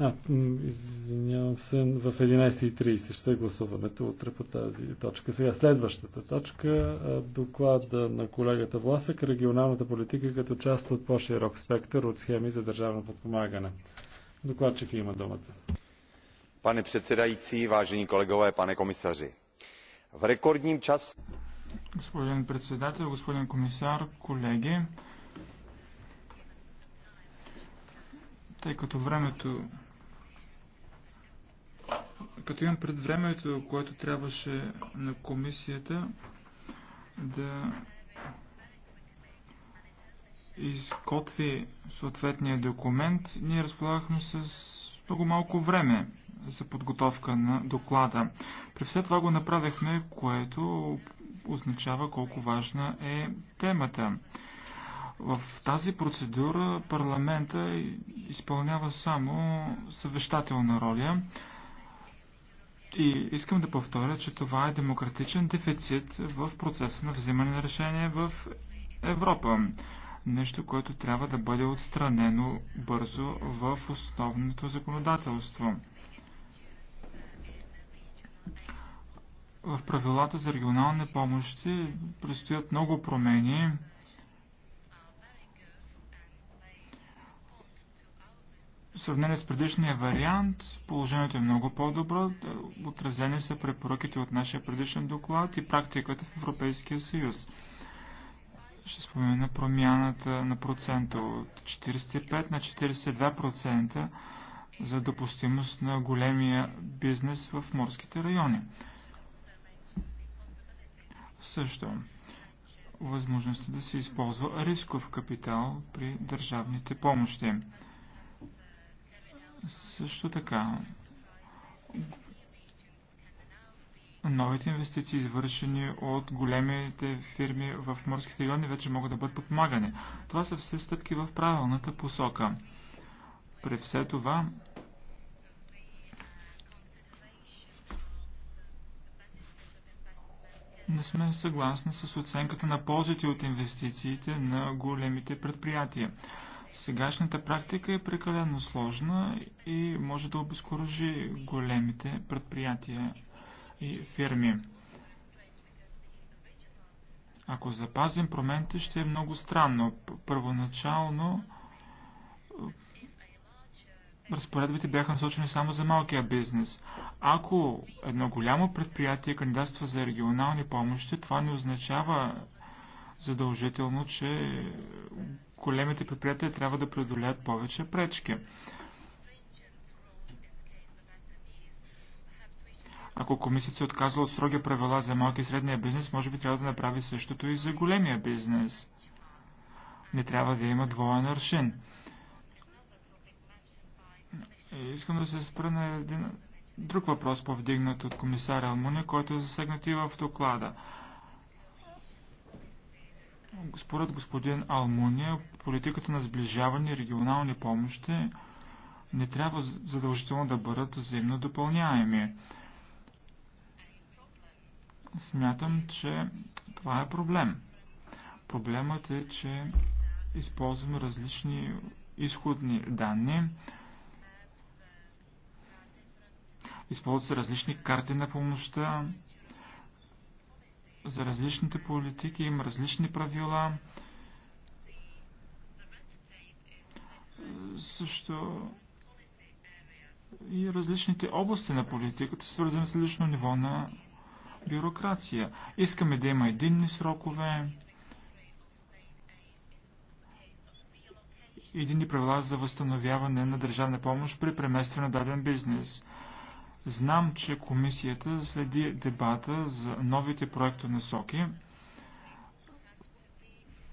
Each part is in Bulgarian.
А, извинявам се, в 11.30 ще гласуваме утре по тази точка. Сега следващата точка, доклада на колегата Власък, регионалната политика като част от по-широк спектър от схеми за държавно подпомагане. Докладчик има думата. Пане председající, vážení колегове, пане komisaři. В рекордním час... Господин председател, господин комисар, колеги, тъй като времето като имам пред времето, което трябваше на комисията да изготви съответния документ, ние разполагахме с много малко време за подготовка на доклада. При все това го направихме, което означава колко важна е темата. В тази процедура парламента изпълнява само съвещателна роля. И искам да повторя, че това е демократичен дефицит в процеса на взимане на решение в Европа. Нещо, което трябва да бъде отстранено бързо в основното законодателство. В правилата за регионални помощи предстоят много промени. В сравнение с предишния вариант, положението е много по-добро. Отразени са препоръките от нашия предишен доклад и практиката в Европейския съюз. Ще спомена промяната на процента от 45 на 42% за допустимост на големия бизнес в морските райони. Също възможността да се използва рисков капитал при държавните помощи. Също така, новите инвестиции, извършени от големите фирми в морските райони, вече могат да бъдат подпомагани. Това са все стъпки в правилната посока. При все това, не сме съгласни с оценката на ползите от инвестициите на големите предприятия. Сегашната практика е прекалено сложна и може да обезкуражи големите предприятия и фирми. Ако запазим промените, ще е много странно. Първоначално разпоредбите бяха насочени само за малкия бизнес. Ако едно голямо предприятие кандидатства за регионални помощи, това не означава, задължително, че големите предприятия трябва да преодолят повече пречки. Ако комисията се отказва от строги правила за малки и средния бизнес, може би трябва да направи същото и за големия бизнес. Не трябва да има двоен аршин. Искам да се спра на един друг въпрос, повдигнат от комисаря Алмуни, който е засегнат и в доклада. Според господин Алмуния, политиката на сближаване и регионални помощи не трябва задължително да бъдат взаимно допълняеми. Смятам, че това е проблем. Проблемът е, че използваме различни изходни данни, използват се различни карти на помощта, за различните политики, има различни правила. Също и различните области на политиката, свързани с лично ниво на бюрокрация. Искаме да има единни срокове, единни правила за възстановяване на държавна помощ при преместване на даден бизнес – Знам, че комисията следи дебата за новите проекта соки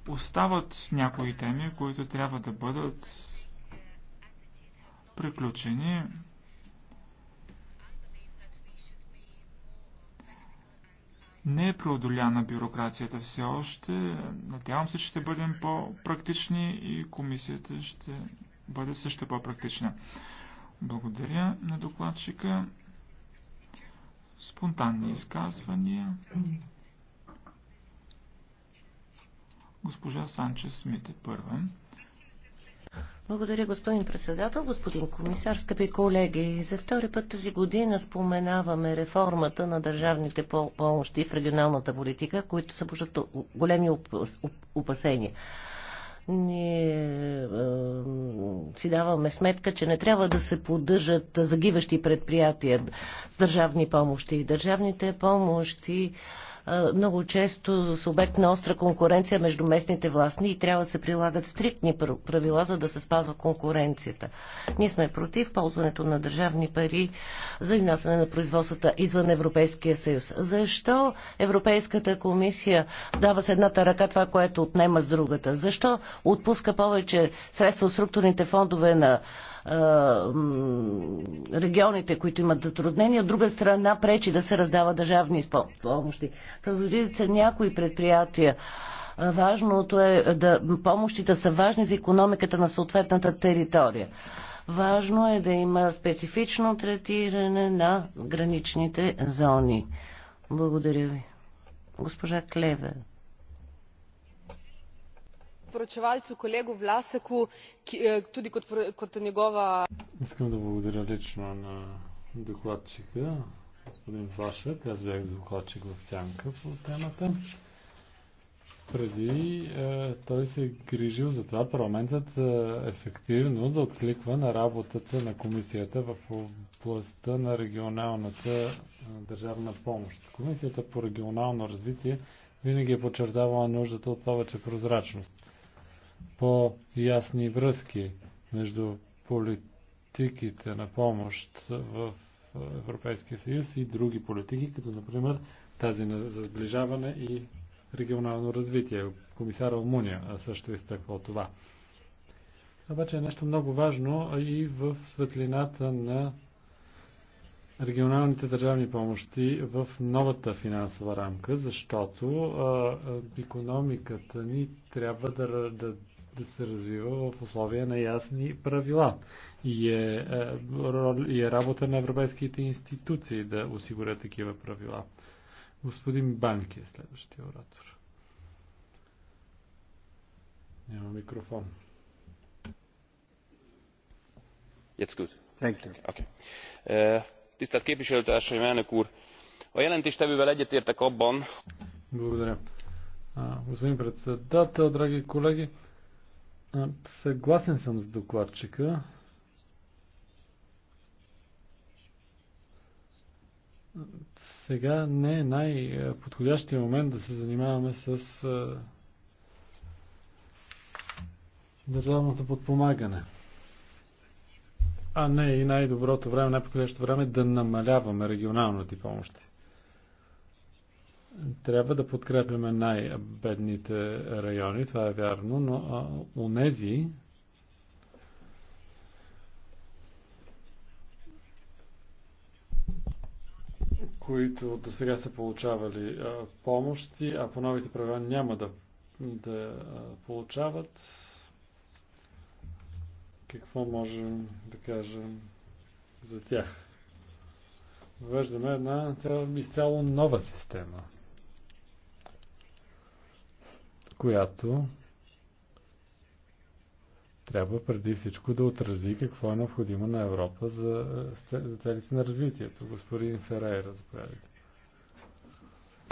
Остават някои теми, които трябва да бъдат приключени. Не е преодоляна бюрокрацията все още. Надявам се, че ще бъдем по-практични и комисията ще бъде също по-практична. Благодаря на докладчика. Спонтанни изказвания. Госпожа Санчес Смит е първа. Благодаря, господин председател, господин комисар, скъпи колеги. За втори път тази година споменаваме реформата на държавните помощи в регионалната политика, които събуждат големи опасения. Ние е, си даваме сметка, че не трябва да се поддържат загиващи предприятия с държавни помощи. и Държавните помощи много често обект на остра конкуренция между местните властни и трябва да се прилагат стриктни правила, за да се спазва конкуренцията. Ние сме против ползването на държавни пари за изнасяне на производствата извън Европейския съюз. Защо Европейската комисия дава с едната ръка това, което отнема с другата? Защо отпуска повече средства от структурните фондове на регионите, които имат затруднения, от друга страна пречи да се раздава държавни помощи. Фаворизират се някои предприятия. Важното е да помощите са важни за економиката на съответната територия. Важно е да има специфично третиране на граничните зони. Благодаря ви. Госпожа Клеве poročevalcu kolegu Vlaseku, eh, tudi kot, njegova. Искам да благодаря лично на докладчика, господин Влашек. Аз бях докладчик в Сянка по темата. Преди е, той се е грижил за това парламентът е, ефективно да откликва на работата на комисията в областта на регионалната е, държавна помощ. Комисията по регионално развитие винаги е подчертавала нуждата от повече прозрачност по-ясни връзки между политиките на помощ в Европейския съюз и други политики, като например тази за сближаване и регионално развитие. Комисар Алмуния също е изтъква това. Обаче е нещо много важно и в светлината на регионалните държавни помощи в новата финансова рамка, защото а, економиката ни трябва да, да, да се развива в условия на ясни правила. И е, е и е работа на европейските институции да осигурят такива правила. Господин Банки е следващия оратор. Няма микрофон. It's good. Thank you. Okay. Uh, tisztelt képviselőtársaim elnök úr! a jelentéstevővel egyetértek abban Господин председател, колеги, съгласен съм с докладчика. Сега не е най-подходящия момент да се занимаваме с държавното подпомагане а не и най-доброто време, най-подходящото време е да намаляваме регионалните помощи. Трябва да подкрепяме най-бедните райони, това е вярно, но а, нези. които до сега са получавали а, помощи, а по новите правила няма да, да а, получават, какво можем да кажем за тях? Въвеждаме една изцяло нова система, която трябва преди всичко да отрази какво е необходимо на Европа за, за целите на развитието. Господин Ферейра, заповядайте.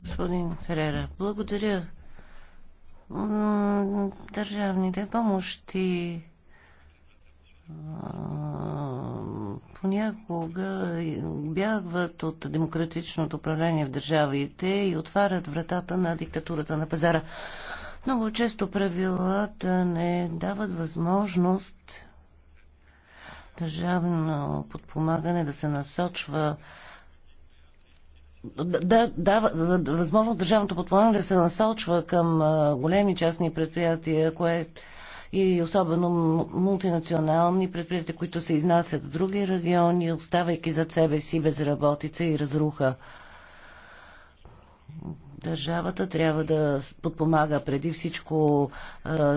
Господин Ферера, благодаря. Държавните помощи понякога бягват от демократичното управление в държавите и отварят вратата на диктатурата на пазара. Много често правилата не дават възможност държавно подпомагане да се насочва да, да, възможно държавното подпомагане да се насочва към големи частни предприятия, което и особено мултинационални предприятия, които се изнасят в други региони, оставайки зад себе си безработица и разруха. Държавата трябва да подпомага преди всичко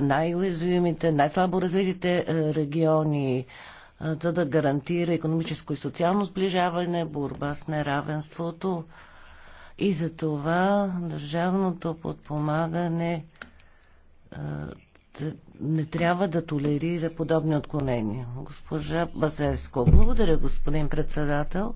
най-уязвимите, най-слабо развитите региони, за да гарантира економическо и социално сближаване, борба с неравенството. И за това държавното подпомагане не трябва да толерира подобни отклонения. Госпожа Базеско. Благодаря, господин председател.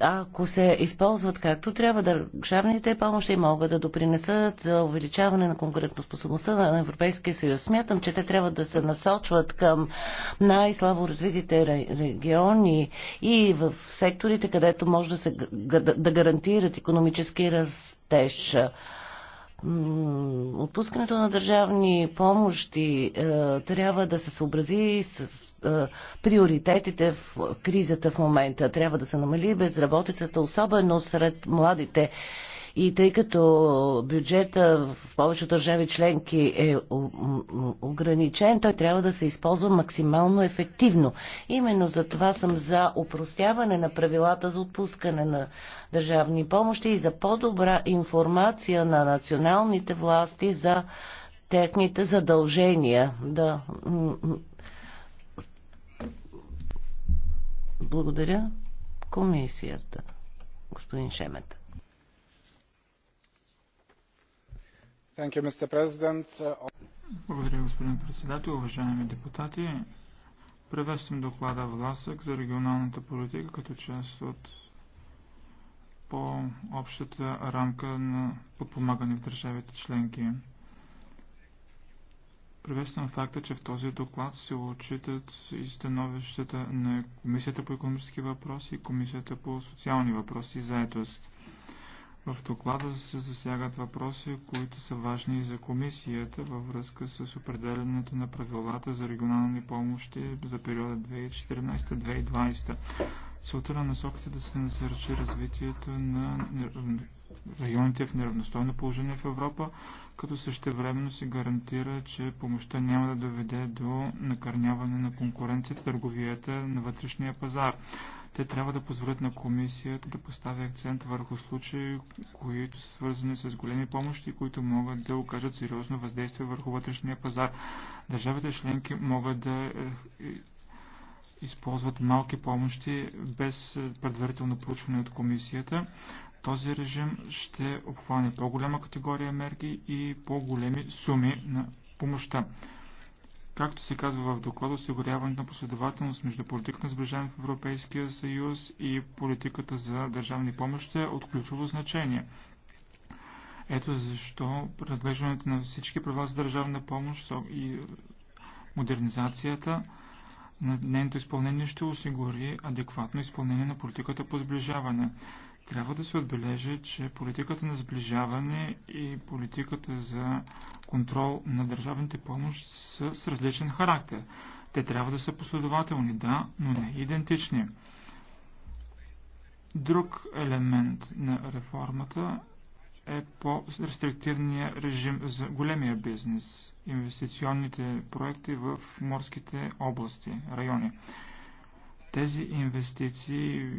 ако се използват както трябва, държавните помощи могат да допринесат за увеличаване на конкурентоспособността на Европейския съюз. Смятам, че те трябва да се насочват към най-слабо развитите региони и в секторите, където може да се да гарантират економически растеж. Отпускането на държавни помощи е, трябва да се съобрази с е, приоритетите в кризата в момента. Трябва да се намали безработицата, особено сред младите и тъй като бюджета в повечето държави членки е ограничен, той трябва да се използва максимално ефективно. Именно за това съм за упростяване на правилата за отпускане на държавни помощи и за по-добра информация на националните власти за техните задължения. Да. Благодаря комисията, господин Шемета. Благодаря, господин председател. Уважаеми депутати, приветствам доклада Власък за регионалната политика като част от по-общата рамка на подпомагане в държавите членки. Приветствам факта, че в този доклад се отчитат и становищата на Комисията по економически въпроси и Комисията по социални въпроси и заедост. В доклада се засягат въпроси, които са важни и за комисията във връзка с определенето на правилата за регионални помощи за периода 2014-2020. Целта на насоките е да се насърчи развитието на районите в неравностойно положение в Европа, като същевременно се гарантира, че помощта няма да доведе до накърняване на конкуренцията, търговията на вътрешния пазар. Те трябва да позволят на комисията да постави акцент върху случаи, които са свързани с големи помощи, които могат да окажат сериозно въздействие върху вътрешния пазар. Държавите членки могат да е, използват малки помощи без е, предварително проучване от комисията. Този режим ще обхване по-голяма категория мерки и по-големи суми на помощта. Както се казва в доклада, осигуряването на последователност между политиката на сближаване в Европейския съюз и политиката за държавни помощи е от ключово значение. Ето защо разглеждането на всички права за държавна помощ и модернизацията на нейното изпълнение ще осигури адекватно изпълнение на политиката по сближаване. Трябва да се отбележи, че политиката на сближаване и политиката за контрол на държавните помощи са с различен характер. Те трябва да са последователни, да, но не идентични. Друг елемент на реформата е по-рестриктивния режим за големия бизнес, инвестиционните проекти в морските области, райони. Тези инвестиции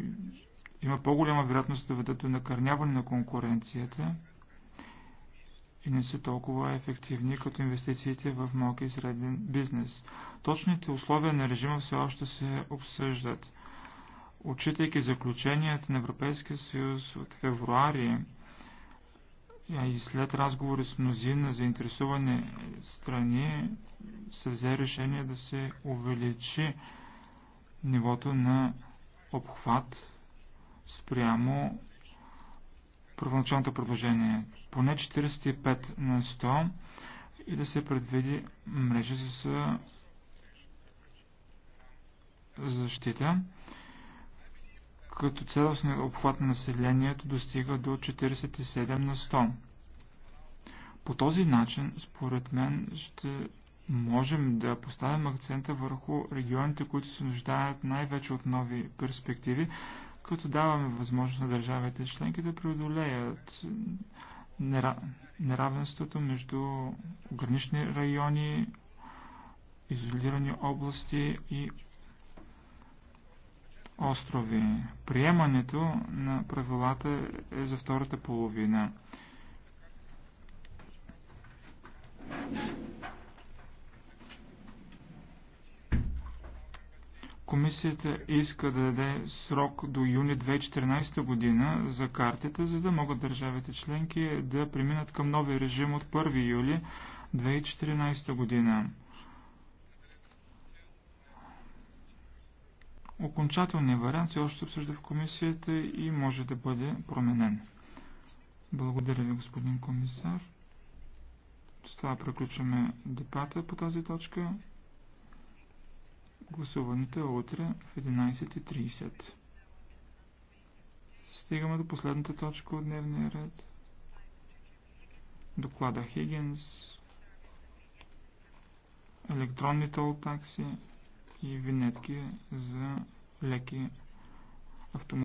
има по-голяма вероятност да ведат до накърняване на конкуренцията и не са толкова ефективни като инвестициите в малки и среден бизнес. Точните условия на режима все още се обсъждат. Отчитайки заключенията на Европейския съюз от февруари и след разговори с мнозина заинтересувани страни, се взе решение да се увеличи нивото на обхват спрямо първоначалното предложение. Поне 45 на 100 и да се предвиди мрежа с защита, като цялостният обхват на населението достига до 47 на 100. По този начин, според мен, ще можем да поставим акцента върху регионите, които се нуждаят най-вече от нови перспективи, като даваме възможност на държавите членки да преодолеят неравенството между гранични райони, изолирани области и острови. Приемането на правилата е за втората половина. Комисията иска да даде срок до юни 2014 година за картите, за да могат държавите членки да преминат към нови режим от 1 юли 2014 година. Окончателният вариант се още обсъжда в комисията и може да бъде променен. Благодаря ви, господин комисар. С това приключваме дебата по тази точка. Гласуването е утре в 11.30. Стигаме до последната точка от дневния ред. Доклада Хигинс, електронни тол такси и винетки за леки автомобили.